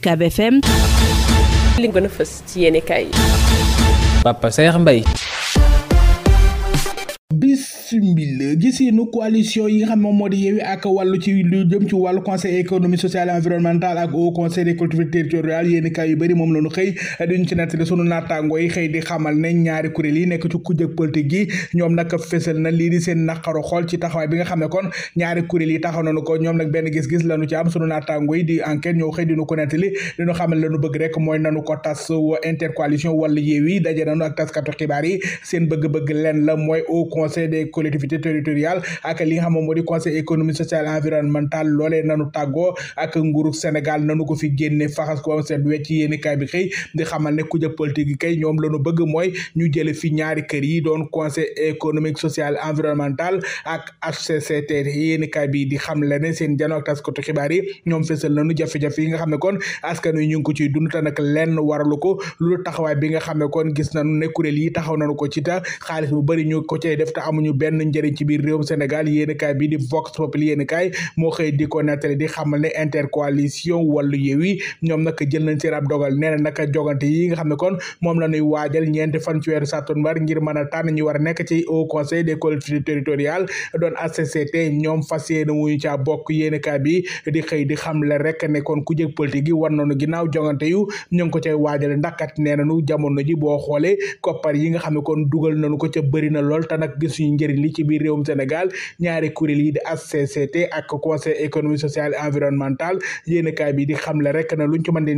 UCAB FM li gën a fës ci yéene kaay Papa Saer Mbaye bismilla giseenu coalition yi nga xam moom moo di yeewi ak wàllu ci lu jëm ci wàllu conseil économique social et environnemental ak haut conseil des collectivités territoriales yéeni kaay yu bëri moom la ñu xëy diñu ci nettali sunu naataangoo yi xëy di xamal ne ñaari kuréel yi nekk ci kujje politique gi ñoom nag na lii di seen naqaru xool ci taxawaay bi nga xam ne kon ñaari kuréel yi taxaw nañu ko ñoom nag benn gis-gis lañu ci am sunu naataangoo yi di enquête ñoo xëy diñu ko nettali diñu xamal lañu bëgg rek mooy nanu ko tas intercoalition wala yeewi daje nanu ak taskatu xibaar yi seen bëgg-bëgg leen la mooy conseil des collectivités territoriales ak li nga xam moom moo di conseil économique social environnemental loolee nanu tàggoo ak nguuru Sénégal nanu ko fi génne faxas ko am seet wecc yéeni bi xëy di xamal ne kujje politique yi kay ñoom lañu bëgg mooy ñu jële fi ñaari kër yi doon conseil économique social environnemental ak HCCT yéeni kaay di xam le ne seen janoo ak taskatu xibaar yi ñoom fesal nanu jafe-jafe yi nga xam ne kon askan wi ñu ko ciy dund ta xaalis bu def te amuñu benn njëriñ ci biir réewum Sénégal yéen kaay bi di Vox Populi yéen kaay moo xëy di ko nettali di xamal ne intercoalition wàllu Yewwi ñoom nag jël nañ seen ab dogal nee na naka yi nga xam ne kon moom la ñuy waajal ñeenti fan ci weeru sàttumbar ngir mën a tànn ñu war a ci au conseil des collectivités doon ACCT ñoom fas yéene wuñu caa bokk yéen bi di xëy di xam le rek ne kon ku jëg politique yi war nañu ginnaaw jogante yu ñu ngi ko cay waajale ndaxkat nee nañu jamono ji boo xoolee koppar yi nga xam ne kon dugal nañu ko ca bëri na lool te nag gis ñu njëriñ li ci biir réewum Sénégal ñaari kuréel yi di HCCT ak conseil économique social et environnemental yéenekaay bi di xamle rek na luñ ci mën di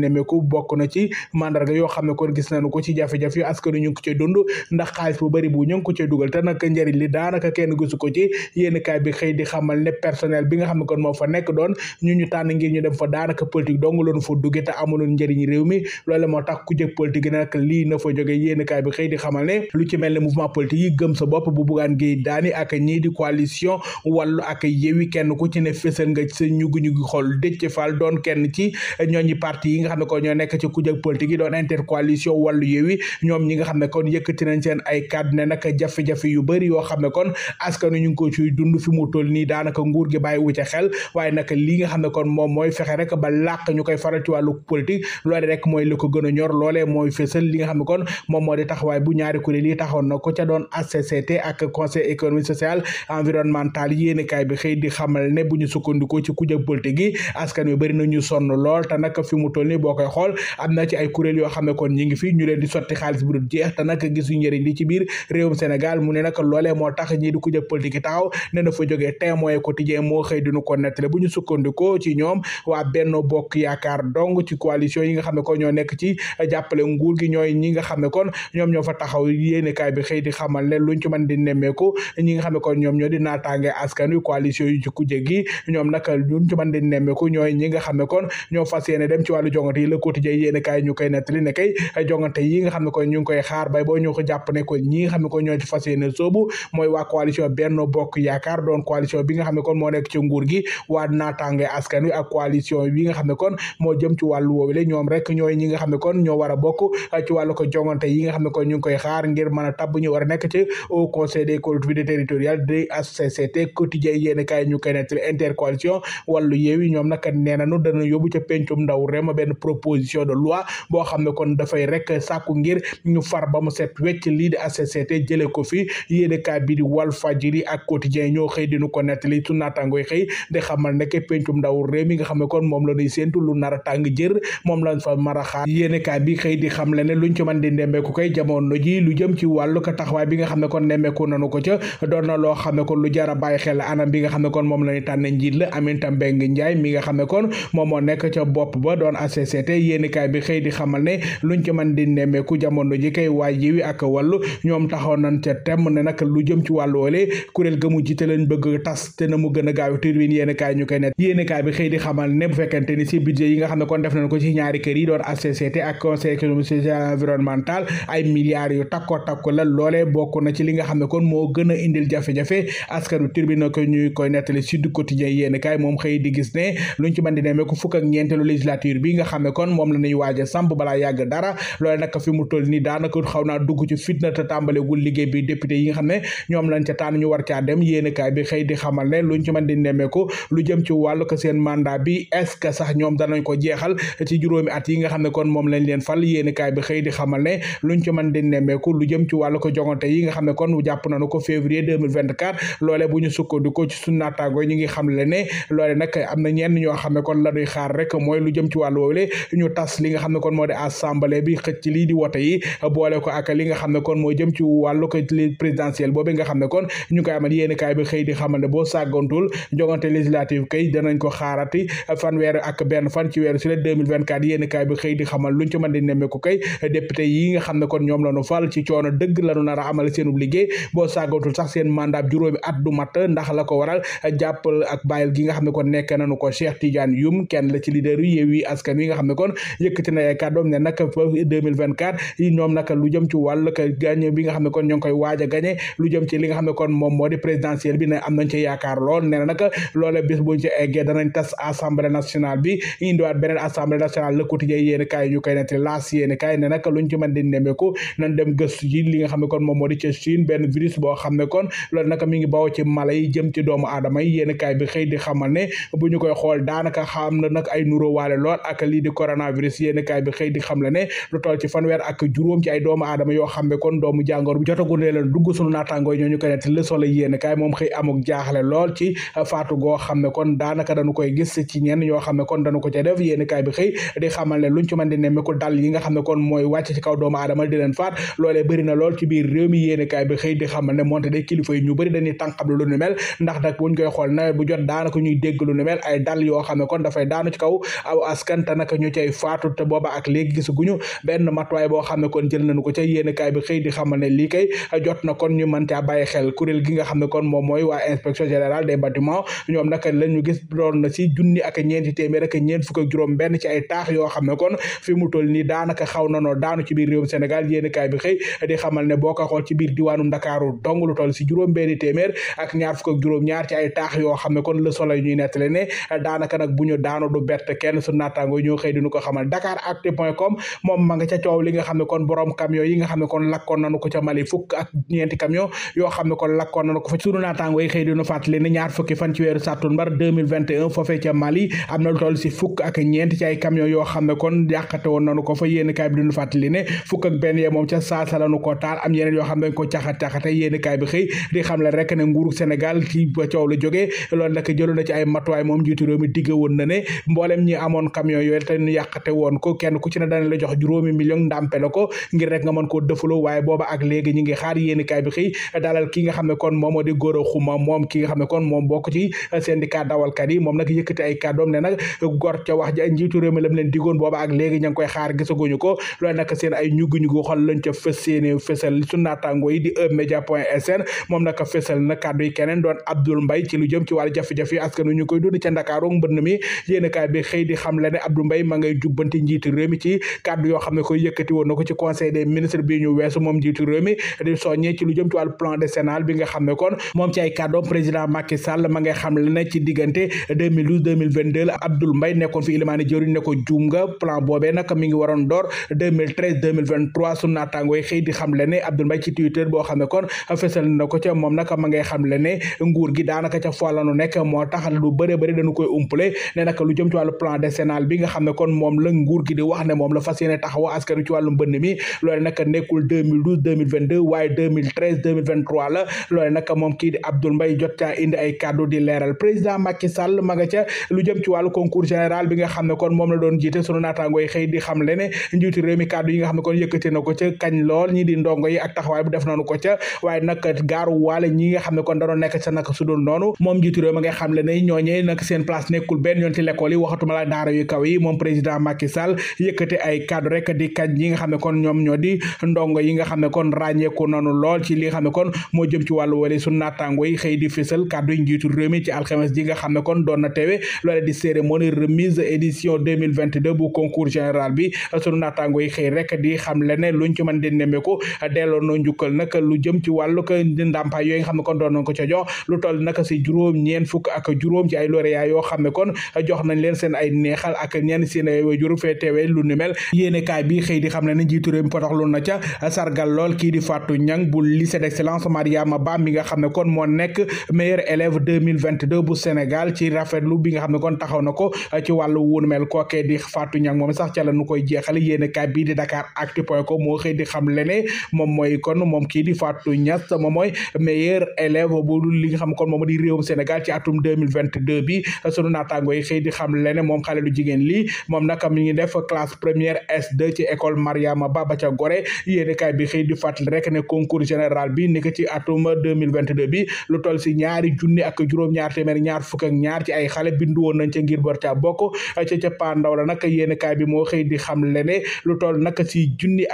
xamal ne kon moo fa nekk doon ñu ñu tànn ngir ñu dem fa daanaka politique dong loon fa te amuloon njëriñ réew mi loolu moo tax ku jëg politique nag lii na fa jóge yéenekaay bi xëy di xamal ne lu ci mel ne mouvement politique yi gëm sa bopp bu Bougane Gueye Dany ak ñii di coalition wàllu ak yewi kenn ku ci ne fësal nga sa ñugu-ñugi xool Déthié Fall doon kenn ci ñooñu parti yi nga xam ne ko ñoo nekk ci kujje politique yi doon intercoalition wàllu yewi ñoom ñi nga yu bëri yoo xam ne kon askanu ñu ko ciy dund fi mu toll nii daanaka nguur gi bàyyi wu ca xel waaye nag li nga xam ne kon moom mooy fexe rek ba làq ñu koy faral ci wàllu politique loolee rek mooy li ko gën a ñor loolee mooy fësal li nga xam ne moom moo di taxawaay bu ñaari kuréel yi taxawoon na ko ca doon ACCT ak conseil économique social environnemental yéenekaay bi xëy xamal ne bu ñu sukkandikoo ci yoo xam ne kon ñi ngi fi ñu leen di sotti xaalis bu dul jeex te nag gisuñu njëriñ li ci biir réewum Sénégal mu ne nag ñoom waa Benno Bokk Yaakaar dong ci coalition yi nga xam kon ñoom ñoo fa taxaw yéenekaay bi xëy xamal ne luñ ci nemmeeku ñi nga kon ñoom ñoo di naataange askan wi coalition yu ci kujje gi ñoom nag ñun ci mën di nemmeeku ñooy ñi ne kon ñoo fas yéene dem ci wàllu jongante yi le quotidien yéen kaay ñu koy xam ne kon ñu ngi koy xaar bay boo ko jàpp ne ko ñi nga xam ne kon ñoo ci fas yéene soobu mooy waa coalition Benno Bokk Yaakaar doon coalition bi nga xam ne kon moo nekk ci a gi waa naataange askan wi ak coalition bi nga xam ne kon moo jëm ci wàllu woowu le ñoom rek ñooy ñi nga xam ne kon ñoo war a bokk ci wàllu ko yi nga xam ne kon ñu ngi koy xaar a a conseil des collectivités territoriales di HCCT quotidien yéen kaay ñu koy nettali intercoalition wàllu yeewi ñoom nag nee nañu dana yóbbu ca pencum ndaw rem benn proposition xam ne kon dafay rek sàkku ngir ñu far ba mu set wecc lii di HCCT jëlee ko fi yéen kaay bi di Walf Fadjri ak quotidien ñoo xëy di ñu ko nettali su naataangoy xëy di xamal ne pencum ndaw réew mi nga xam ne kon moom la ñuy séentu lu nara a tàng jër moom lañ fa mar a xaar yéen kaay bi xëy di xam le ne luñ ci mën di nemmeeku koy jamono ji lu jëm ci wàllu ko taxawaay bi nga xam ne kon nemmeeku nemmeeku nanu ko ca doon na loo xam kon lu jar a bàyyi xel anam bi nga xam kon moom la ñu tànn njiit la Aminata Mbengue Ndiaye mi nga xam kon moom moo nekk ca bopp ba doon ACCT yéenikaay a gaaw turbine nga xam kon def nañ ko ci ñaari kër yi doon ACCT ak conseil économique social environnemental ay milliards yu takko takko la loolee bokk ci li nga xam kon moo gën a indil jafe-jafe askanu tribune ko ñuy koy nettali Sud Quotidien yéen kaay moom xëy di gis ne luñ a samp balaa yàgg dara loole nag naa dugg ci fitna te tàmbalegul liggéey bi député yi xam ne ñoom lañ ca tànn ñu war caa dem yéen ci mën di nemmeeku lu jëm ci wàllu ko seen mandat bi est-ce sax ñoom danañ ko jeexal ci juróomi at yi nga xam ne kon moom lañ leen fal yéen kaay bi xëy di xamal ne luñ ci mën di nemmeeku lu jëm ci wàll ko jongante yi nga xam ne kon jàpp jàpp nu ko février 2024 loole bu ñu sukkandikoo ci suñu naataango ñu ngi xam le ne loole nag am na ñenn ñoo xam ne kon la ñuy xaar rek mooy lu jëm ci wàllu woowule ñu tas li nga xam ne kon moo di assemblée bi xëcc lii di wote yi boole ko ak li nga xam ne kon moo jëm ci wàllu ko li présidentielle boobu nga xam ne kon ñu koy amal bi xëy di xamal ne boo sàggantul jogante législative kay danañ ko xaarati fanweer ak benn fan ci weeru si la 2024 yéen bi xëy di xamal luñ ci mën di nemmeeku kay yi nga xam ne kon ñoom la ñu fal ci coono dëgg la ñu nar amal seenub liggéey boo sàggatul sax seen mandat juróomi at du ndax la ko waral jàppal ak bàyyil gi nga xam ne kon nekk nañu ko Cheikh Tidiane Youm nga xam ne kon yëkkati na ay kàddoom ne nag lu a ñu koy di nemmeeku nañ dem gëstu ji li nga xam ne kon moom moo di ca virus boo xam ne kon loolu nag mi ngi bawoo ci mala yi jëm ci doomu aadama yi yéen kaay bi xëy di xamal ne bu ñu koy xool na nag ay nuroo waale lool la ne lu toll ci fanweer ak ko nett le soleil yéen kaay moom xëy amuk jaaxle lool ci faatu goo xam ne kon daanaka dañu koy gis ci dal yi nga xam ne kon mooy wàcc ci kaw doomu aadama di leen faat loolee bëri na lool ci biir réew mi yéen kaay bi xëy di xamal ne moonte day kilifa yi ñu bëri dañuy tànqablu lu nu mel ndax nag buñ koy xool nawet bu jot daanaka ñuy dégg lu nu mel ay dal yoo xam ne kon dafay daanu ci benn matuwaay boo xam ne kon jël nañu ko ca yéen kaay bi xëy di xamal ne lii kay jot na kon ñu mën caa bàyyi xel kuréel gi nga xam ne kon moom mooy waa inspection générale des bâtiments ñoom nag la ñu gis doon na si junni ak ñeenti téeméer ak ñeent fukk ak juróom benn ci ay taax yoo xam ne kon fi mu toll nii daanaka xaw na noo daanu ci biir réewum Sénégal yéen kaay bi xëy xamal ne boo ko xool ci biir diwaanu Dakar ndakaaru dong lu toll si juróom benni téeméer ak ñaar fukk juróom ñaar ci ay taax yoo xam kon le soleil ñoo xëy kon borom camion ko ca Mali fukk ak fa sunu ne ñaar benn yee moom ca saasa lañu ko taal am yeneen yoo xam ko caxat caxat tey yéen kaay bi xëy di xamle rek ne nguuru Sénégal ci ba coow la jógee loolu nag jëloon na ci ay matuwaay moom njiitu réew mi woon na ne mboolem ñi amoon camion yooyu te ñu yàqate woon ko kenn ku ne dana la jox juróomi million ndàmpe la ko ngir rek nga mën koo dëfaloo waaye booba ak léegi ñi ngi xaar yéen kaay bi xëy dalal ki nga xam ne kon moom moo di a moom ki nga xam ne kon moom bokk ci syndicat dawalkat yi moom nag yëkkati ay kàddoom ne nag gor ca wax ja njiitu réew mi lam leen digoon ak léegi ña ngi koy xaar gisaguñu ko loolu nag seen ay ñugg-ñugg xol lañ ca fës seeni fësal su naataangoo yi di e media point moom naka fesal na kàddu yi keneen doon Abdoul Mbaye ci lu jëm ci wàllu jafe-jafe yi askan ñu koy dund ca Ndakaaru mbënn mi ci kàddu yoo plan boobee nag mi ngi waroon door 2013 2023 su naataangooy ne Abdoul Mbaye ci Twitter boo xam ne kon a fesal na ko ca moom nag ma ngay xam le ne nguur gi daanaka ca foi la nu nekk moo tax lu bare bëri dañu koy umpale ne nag lu jëm ci wàllu plan bi nga xam ne kon moom la nguur gi wax ne moom la fas yéene taxaw askan wi ci wàllu mbënn mi loole nag nekkul 2012 2022 waaye 2013 2023 la loole nag moom kii di Abdoul Mbaye jot caa indi ay kaddu di leeral président Macky Sall ma nga ca lu jëm ci wàllu concours général bi nga xam ne kon moom la doon jiite sunu naataango yi xëy di xam le ne njiitu réew mi kàddu yi nga xam ne kon yëkkati na ko ca kañ lool ñi di ndongo yi ak taxawaay bu def nañu ko ca waaye nag gaaru waale ñi nga xam ne kon dañoo nekk sa naka su dul noonu moom njiitu réew nga xam le ne ñooñee nag seen place nekkul benn yoon ci l'école yi waxatuma la daara yu kaw yi moom président Macky Sall yëkkate ay kaddu rek di kañ yi nga xam ne kon ñoom ñoo di ndongo yi nga xam ne kon ràññeeku nanu lool ci li nga xam ne kon moo jëm ci wàllu wale su naataango yi xëy di fésal kaddu yi njiitu réew mi ci alxames ji nga xam ne kon doon na teewe loole di cérémonie remise édition 2022 bu concours général bi sunu naataango yi xëy rek di xam le ne luñ ci mën di nemmeeku delloo noo njukkal nag lu jëm jëm ci wàllu ko ndàmpaay yooyu nga xam ne kon doon nañ ko ca jox lu toll nag si juróom ñeen fukk ak juróom ci ay lauréat yoo xam ne kon jox nañ leen seen ay neexal ak ñenn seen ay waajur fee teewee lu ni mel yéene kaay bi xëy di xam ne ne njiitu réew mi potoxlu na ca lool kii di Fatou Niang bu lycée d'excellence Mariama Ba mi nga xam ne kon moo nekk meilleur élève 2022 bu Sénégal ci rafetlu bi nga xam ne kon taxaw na ko ci wàllu wunu mel kookee di Fatou Niang moom sax ca la nu koy jeexale yéene kaay bi di Dakar Actu point moo xëy di xam lene moom mooy kon moom kii di Fatou Niass moom mooy meilleur élève bu dul xam kon moom di réewum Sénégal ci atum bi sunu naataango yi xëy di xam leneen moom xale lu jigéen lii moom nag mi def classe première s ci école Mariama Ba ba ca Gorée yéenekaay bi xëy di fàttali rek ne concours général bi nekk ci atum bi lu toll si ñaari junni ak juróom-ñaar téeméer ñaar fukk ñaar ci ay xale bindu woon ngir bër ca bokk ca ca pandaw la nag yéenekaay bi moo xëy di xam leneen lu toll nag si junni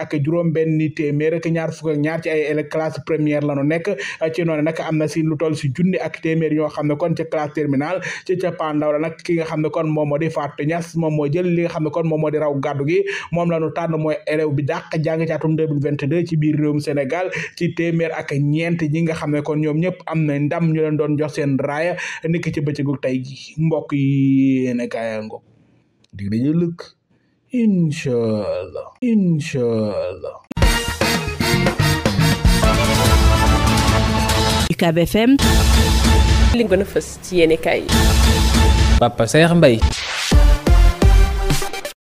classe première la no nekk ci na nag am na si lu tol si junni ak téeméer yoo xam ne kon ca classe terminale ci cappaandaw la nag ki nga xam ne kon moom moo di Fatou Niass moom moo jël li nga xam ne kon moom moo di raw gàddu gi moom la nu tànn mooy élève bi dàq jàng ci atum 2022 ci biir réewum Sénégal ci téeméer ak ñeent ñi nga xame kon ñoom ñëpp am na ndam ñu leen doon jox seen raaya nekk ci bëccëgu tey gi mbokk yi yéen a gaaya ngoog dig dañuy lëkk incha UCAB FM li gën a fës ci yéen kaay Papa Saer Mbaye